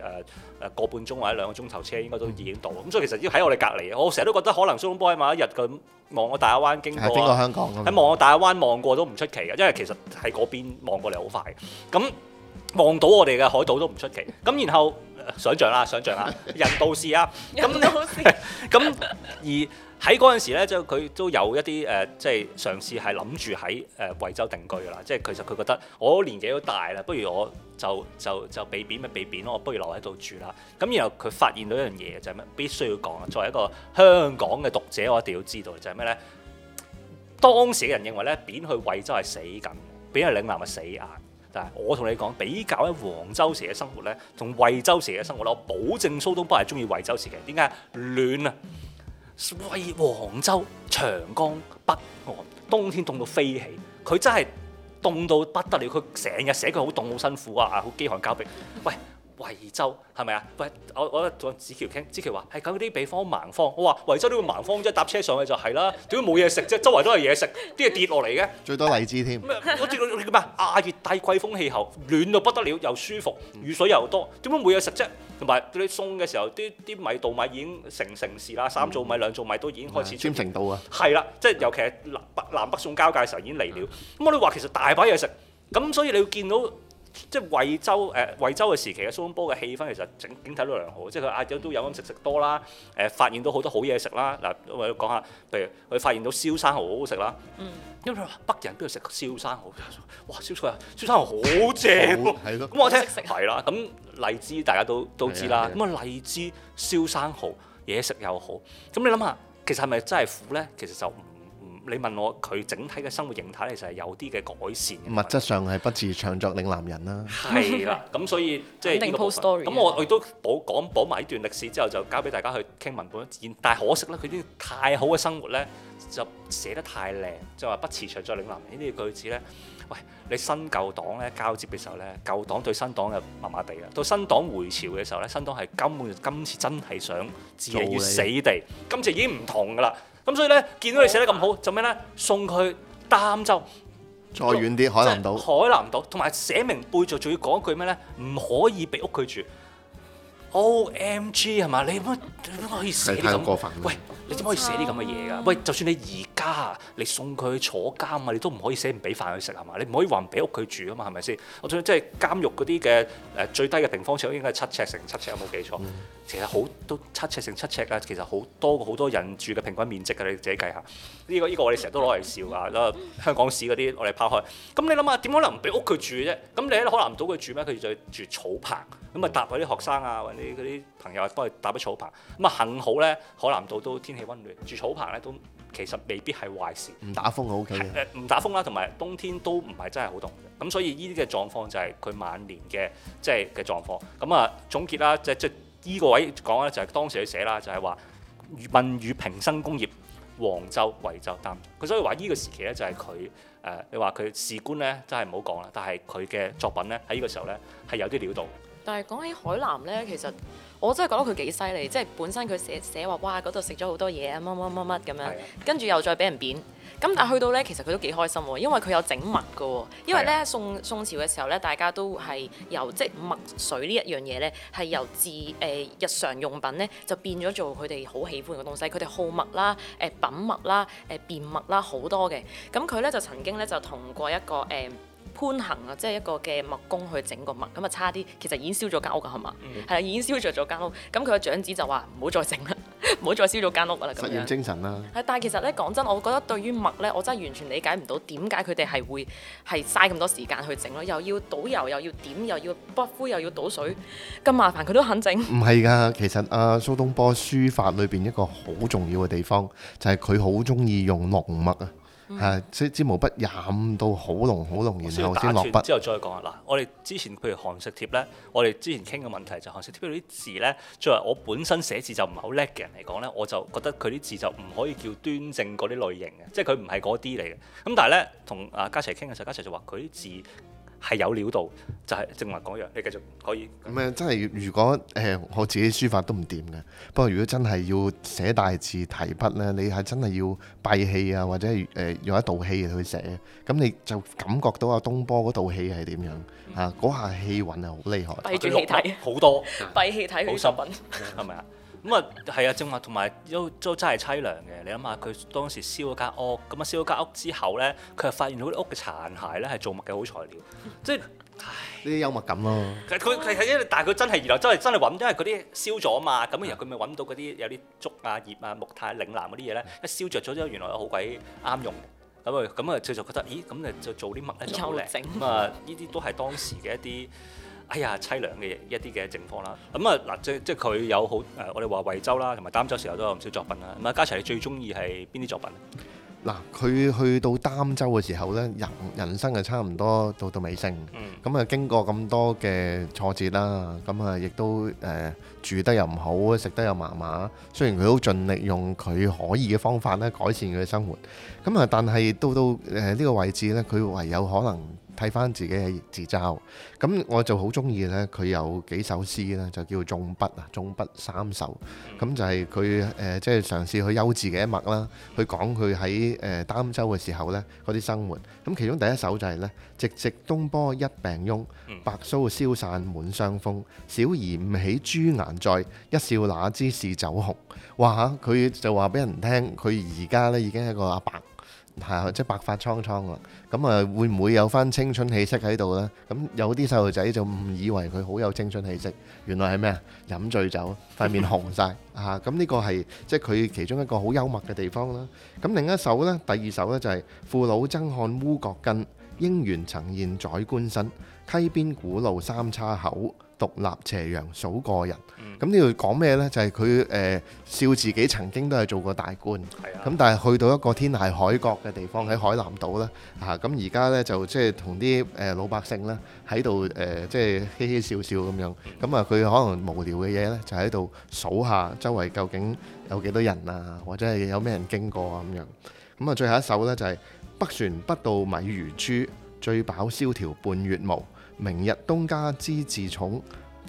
誒個半鐘或者兩個鐘頭車，應該都已經到。咁所以其實已經喺我哋隔離。我成日都覺得可能蘇東坡某一日咁。望我大亞灣經過，邊個香港？喺望我大亞灣望過都唔出奇嘅，因為其實喺嗰邊望過嚟好快。咁望到我哋嘅海島都唔出奇。咁然後想像啦，想像啦、啊，像啊、 人道事啊， 人道事。咁而喺嗰陣時咧，就佢都有一啲誒，即、呃、係、就係、嘗試係諗住喺誒惠州定居嘅啦。即係其實佢覺得我年紀都大啦，不如我。就就就被貶咪被貶咯，我不如留喺度住啦。咁然後佢發現到一樣嘢就係咩？必須要講啊！作為一個香港嘅讀者，我一定要知道就係咩咧？當時嘅人認為咧，貶去惠州係死梗，貶去嶺南係死硬。但係我同你講，比較喺黃州時嘅生活咧，同惠州時嘅生活咧，我保證蘇東坡係中意惠州時期。點解？暖啊！為黃州長江北岸，冬天凍到飛起，佢真係。凍到不得了，佢成日寫佢好凍、好辛苦啊，啊，好飢寒交迫。喂！惠州係咪啊？喂，我我同子喬傾，子喬話係講啲地方盲方。我話惠州啲盲方啫，搭車上去就係啦。點解冇嘢食啫？周圍都係嘢食，啲嘢跌落嚟嘅。最多荔枝添、嗯。咩？好似叫咩亞熱帶季風氣候，暖到不得了，又舒服，雨水又多。點解冇嘢食啫？同埋啲宋嘅時候，啲啲米稻米已經成城市啦，三造米、兩造米都已經開始。占城稻啊。係啦，即係尤其係南北、南北宋交界時候已經嚟了。咁我哋話其實大把嘢食，咁所以你會見到。即係惠州誒、呃、惠州嘅時期嘅蘇東坡嘅氣氛其實整整體都良好，即係佢阿姐都有咁食食多啦，誒、呃、發現到好多好嘢食啦，嗱我講下，譬如佢發現到燒生蠔好好食啦，嗯、因為北人都要食燒生蠔，哇燒菜燒生蠔好正喎、啊，咁我聽係啦，咁荔枝大家都都知啦，咁啊荔枝燒生蠔嘢食又好，咁你諗下其實係咪真係苦咧？其實就～唔。你問我佢整體嘅生活形態其實係有啲嘅改善嘅，物質上係不辭長作嶺南人啦。係啦，咁所以即係肯定 po story。咁我我亦都補講補埋呢段歷史之後，就交俾大家去傾文本。但係可惜咧，佢啲太好嘅生活咧就寫得太靚，就話不辭長作嶺南人。呢啲句子咧，喂，你新舊黨咧交接嘅時候咧，舊黨對新黨又麻麻地啦。到新黨回朝嘅時候咧，新黨係根本今次真係想置之死地，今次已經唔同噶啦。咁所以咧，見到你寫得咁好，就咩咧？送佢儋州再遠啲，海南島。海南島，同埋寫明背著，仲要講句咩咧？唔可以俾屋佢住。O M G 係嘛？你點樣可以寫啲咁？過分喂，你點可以寫啲咁嘅嘢㗎？啊、喂，就算你而家你送佢去坐監啊，你都唔可以寫唔俾飯佢食係嘛？你唔可以話唔俾屋佢住啊嘛？係咪先？我仲即係監獄嗰啲嘅誒最低嘅平方尺應該係七尺乘七尺有，有冇記錯？其實好都七尺乘七尺啊！其實好多好多人住嘅平均面積啊，你自己計下。呢個呢個我哋成日都攞嚟笑啊！香港市嗰啲我哋拋開。咁你諗下，點可能唔俾屋佢住啫？咁你喺海南島佢住咩？佢就住草棚。咁啊搭嗰啲學生啊，或者嗰啲朋友啊，幫佢搭咗草棚。咁啊幸好咧，海南島都天氣温暖，住草棚咧都其實未必係壞事。唔打風，好 OK 唔打風啦，同埋冬天都唔係真係好凍嘅。咁所以呢啲嘅狀況就係佢晚年嘅即係嘅狀況。咁啊總結啦，即係即依個位講咧，就係當時佢寫啦，就係話問汝平生功業，黃州、惠州儋。佢所以話依個時期咧，就係佢誒，你話佢仕官咧，真係唔好講啦。但係佢嘅作品咧，喺呢個時候咧係有啲料到。但係講起海南咧，其實我真係覺得佢幾犀利。即係本身佢寫寫話哇，嗰度食咗好多嘢啊，乜乜乜乜咁樣，跟住的又再俾人貶。咁但係去到咧，其實佢都幾開心喎，因為佢有整墨嘅，因為咧宋宋朝嘅時候咧，大家都係由即墨水呢一樣嘢咧，係由自誒、呃、日常用品咧，就變咗做佢哋好喜歡嘅東西，佢哋好墨啦，誒、呃、品墨啦，誒、呃、變墨啦，好多嘅。咁佢咧就曾經咧就同過一個誒、呃、潘衡啊，即係一個嘅墨工去整個墨，咁啊差啲其實已經燒咗間屋嘅係嘛？係啦已經燒咗咗間屋。咁佢嘅長子就話唔好再整啦。唔好 再燒咗間屋啦！咁樣，實驗精神啦。係， 但係其實咧，講真，我覺得對於墨咧，我真係完全理解唔到點解佢哋係會係嘥咁多時間去整咯，又要倒油，又要點，又要撥灰，又要倒水，咁麻煩佢都肯整。唔係㗎，其實阿、啊、蘇東坡書法裏邊一個好重要嘅地方就係佢好中意用濃墨啊。即支支毛筆染到好濃好濃，然後打落筆。之後再講啊，嗱，我哋之前譬如寒食帖咧，我哋之前傾嘅問題就寒、是、食帖嗰啲字咧，作為我本身寫字就唔係好叻嘅人嚟講咧，我就覺得佢啲字就唔可以叫端正嗰啲類型嘅，即係佢唔係嗰啲嚟嘅。咁、嗯、但係咧，同阿嘉齊傾嘅時候，嘉齊就話佢啲字。係有料到，就係正話講樣，你繼續可以。咁樣、嗯，真係如果誒、呃、我自己書法都唔掂嘅，不過如果真係要寫大字提筆咧，你係真係要閉氣啊，或者係誒、呃、用一道氣去寫，咁你就感覺到阿東坡嗰道氣係點樣、嗯、啊？嗰下氣韻係好厲害。閉住氣睇好多。閉氣睇佢作品係咪啊？像 咁啊，係啊、嗯，正話同埋都都真係凄涼嘅。你諗下，佢當時燒咗間屋，咁啊燒咗間屋之後咧，佢又發現到啲屋嘅殘骸咧係做物嘅好材料，即係呢啲幽默感咯、啊。佢佢係因為，但係佢真係原來真係真係揾，因為嗰啲燒咗啊嘛。咁然後佢咪揾到嗰啲有啲竹啊、葉啊、木炭、嶺南嗰啲嘢咧，一燒着咗之後，原來好鬼啱用。咁啊咁啊，就就覺得咦，咁啊就做啲物咧就好靚。咁啊正，呢啲、嗯、都係當時嘅一啲。哎呀，凄涼嘅一啲嘅情況啦。咁啊，嗱，即即佢有好誒、呃，我哋話惠州啦，同埋儋州時候都有唔少作品啊。咁、嗯、啊，家齊，你最中意係邊啲作品？嗱，佢去到儋州嘅時候呢，人人生係差唔多到到尾聲。咁啊、嗯嗯，經過咁多嘅挫折啦，咁、嗯、啊，亦都誒、呃、住得又唔好，食得又麻麻。雖然佢都盡力用佢可以嘅方法咧，改善佢嘅生活。咁、嗯、啊，但係到到誒呢個位置呢，佢唯有可能。睇翻自己嘅自嘲，咁我就好中意呢。佢有幾首詩呢，就叫做《縱筆》啊，《縱筆》三首，咁就係佢誒，即、呃、係、就是、嘗試去優自嘅一脈啦，去講佢喺誒儋州嘅時候呢，嗰啲生活。咁其中第一首就係呢：「直直東坡一病翁，白鬚消散滿霜風。小兒誤喜朱顏在，一笑那知是酒紅。」哇嚇！佢就話俾人聽，佢而家呢已經係一個阿伯。係即係白髮蒼蒼啦，咁啊會唔會有翻青春氣息喺度呢？咁有啲細路仔就誤以為佢好有青春氣息，原來係咩啊？飲醉酒，塊面紅晒啊！咁呢個係即係佢其中一個好幽默嘅地方啦。咁另一首呢，第二首呢，就係父老爭看烏角巾，應緣曾現宰官身，溪邊古路三叉口。獨立斜陽數個人，咁呢度講咩呢？就係佢誒笑自己曾經都係做過大官，咁、嗯、但係去到一個天涯海角嘅地方喺海南島呢。嚇咁而家呢，就即係同啲誒老百姓呢喺度誒即係嘻嘻笑笑咁樣，咁啊佢可能無聊嘅嘢呢，就喺度數下周圍究竟有幾多人啊，或者係有咩人經過啊咁樣，咁、嗯、啊最後一首呢，就係、是、北船不到米如珠，醉飽蕭條半月無。明日東家知祭灶，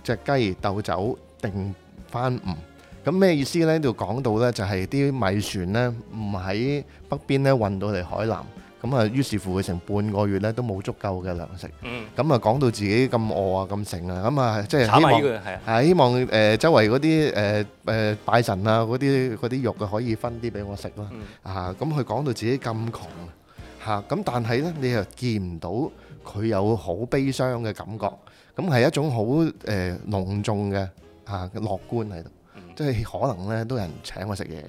隻雞斗酒定膰吾。咁咩意思咧？就講到咧，就係啲米船咧唔喺北邊咧運到嚟海南，咁啊於是乎佢成半個月咧都冇足夠嘅糧食。咁啊講到自己咁餓啊咁剩啊，咁啊即係希望係希望誒周圍嗰啲誒誒拜神啊嗰啲嗰啲肉啊可以分啲俾我食咯。啊咁佢講到自己咁窮嚇，咁但係咧你又見唔到，佢有好悲傷嘅感覺，咁係一種好誒、呃、隆重嘅啊樂觀喺度，嗯、即係可能咧都有人請我食嘢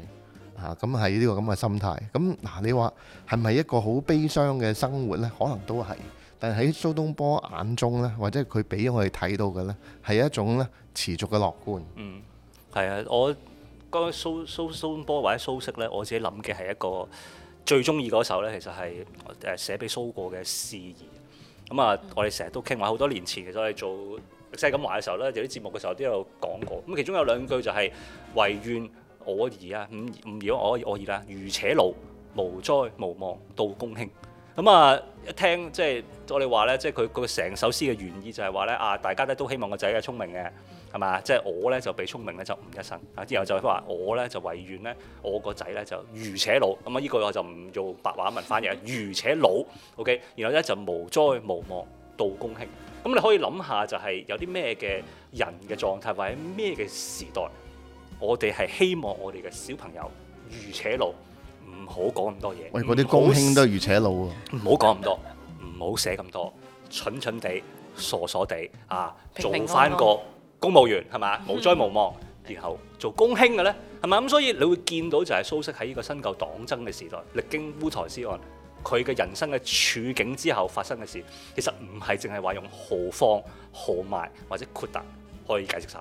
啊。咁係呢個咁嘅心態。咁、啊、嗱，你話係咪一個好悲傷嘅生活呢？可能都係，但係喺蘇東坡眼中呢，或者佢俾我哋睇到嘅呢，係一種咧持續嘅樂觀。嗯，係啊，我講蘇蘇蘇東坡或者蘇軾呢，我自己諗嘅係一個最中意嗰首呢，其實係誒寫俾蘇過嘅《詩、呃、兒》。咁啊，我哋成日都傾話，好多年前其實我哋做《歷史係咁話》嘅時候咧，有啲節目嘅時候都有講過。咁其中有兩句就係、是、唯願我兒啊，唔唔要我兒我兒啊，愚且魯，無災無望到公卿。咁啊，一聽即係、就是、我哋話咧，即係佢佢成首詩嘅原意就係話咧啊，大家都都希望個仔係聰明嘅。係嘛？即係我咧就被聰明咧就唔一生。啊！之後就話我咧就惟願咧，我個仔咧就愚且老。咁、嗯、啊，呢個我就唔做白話文翻譯，愚且老。OK，然後咧就無災無望到公卿。咁、嗯、你可以諗下就，就係有啲咩嘅人嘅狀態，或者咩嘅時代，我哋係希望我哋嘅小朋友愚且老，唔好講咁多嘢。喂，嗰啲公卿都係愚且老啊！唔好講咁多，唔好寫咁多，蠢蠢地、傻傻地啊，病病啊做翻個。公務員係嘛，無災無望，嗯、然後做公卿嘅咧係嘛，咁，所以你會見到就係蘇軾喺呢個新舊黨爭嘅時代，歷經烏台詩案，佢嘅人生嘅處境之後發生嘅事，其實唔係淨係話用豪放、豪邁或者豁達可以解釋晒。